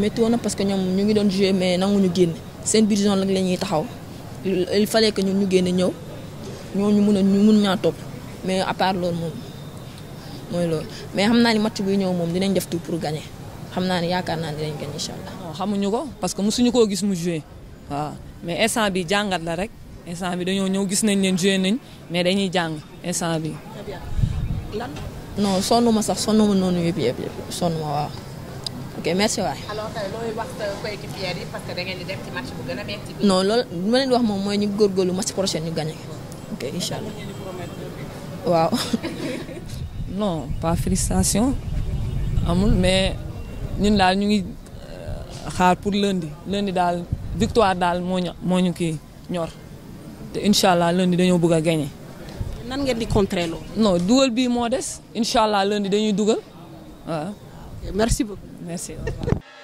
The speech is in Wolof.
métti nag parce que ñoom ñu ngi doon joué mais nanguñu génn seen biir zone la ñuy taxaw il fa lekk ñun ñu génn ñëw ñoo ñu mun a ñu mun ñaa topp mais à part loolu moom mooy loolu mais xam naa ni match buy ñëw moom dinañ def tout pour gagner xam naa ni yaakaar naa dinañ gagner incha allah. xamuñu ko parce que mosuñu koo gis mu joué waaw mais instant bi jàngat la rek instant bi dañoo ñëw gis nañ leen joué nañ mais dañuy jàng instant bi lan non ma sax sonn ma noonu yëpp yëpp waaw. ok merci waay. alors looy wax sa coéquipière yi parce que da ngeen di dem ci match bu gën a métti. non loolu li ma leen wax moom mooy ñu góorgóorlu match prochain ñu gagné ok incha allah waaw. non pas frustration amul mais ñun daal ñu ngi euh, xaar pour lundi lundi daal victoire daal moo ñu moo ñu kii ñor te incha allah lundi dañoo bëgg a gagné. nan ngeen di contrer loolu. non dugal bii moo des incha allah lundi dañuy dugal waaw. Merci beaucoup. Merci. Au revoir.